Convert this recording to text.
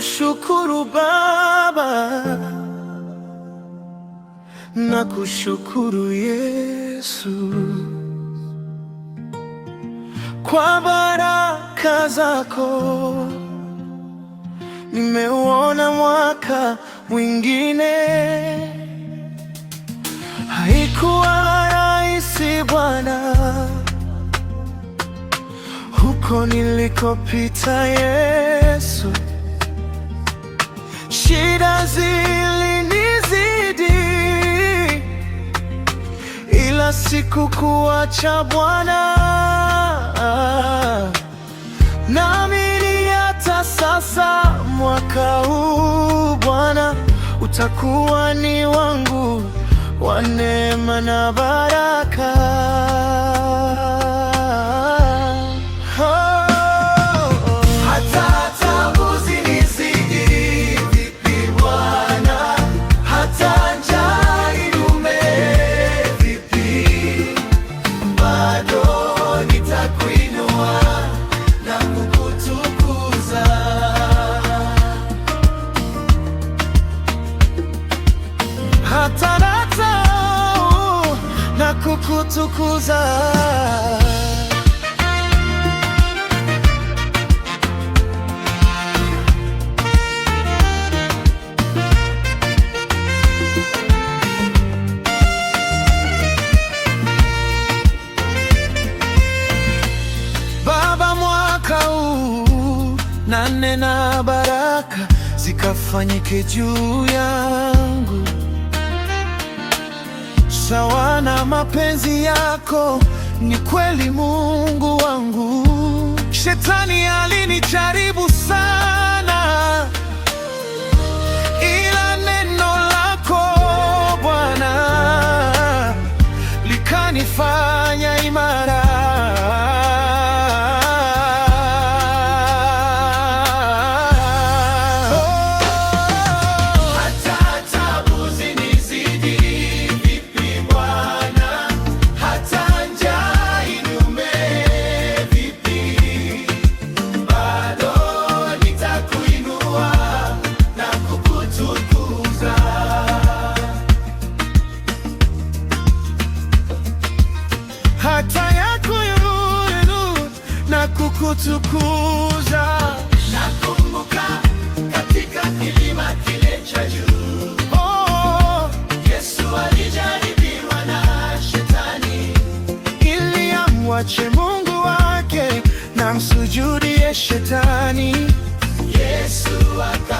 kushukuru Baba na kushukuru Yesu kwa baraka zako, nimeuona mwaka mwingine. Haikuwa rahisi Bwana, huko nilikopita Yesu Dunia zilinizidi, ila sikukuacha Bwana, naamini hata sasa mwaka huu Bwana utakuwa ni wangu wa neema na baraka. kutukuza Baba, mwaka huu nane na baraka zikafanyike juu yangu sawa sana mapenzi yako, ni kweli Mungu wangu. Shetani alinijaribu kukutukuza. Nakumbuka katika kilima kile cha juu, oh, Yesu alijaribiwa na Shetani ili amwache Mungu wake na msujudie Shetani. Yesu aka